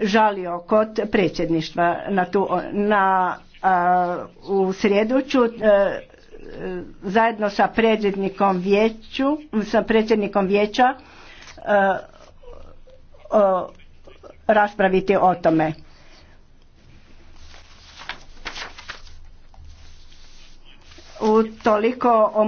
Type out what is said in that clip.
žalio kod predsjedništva na na u srijedu ću e, e, zajedno sa predsjednikom vijeću sa predsjednikom vijeća e, raspraviti o tome u toliko o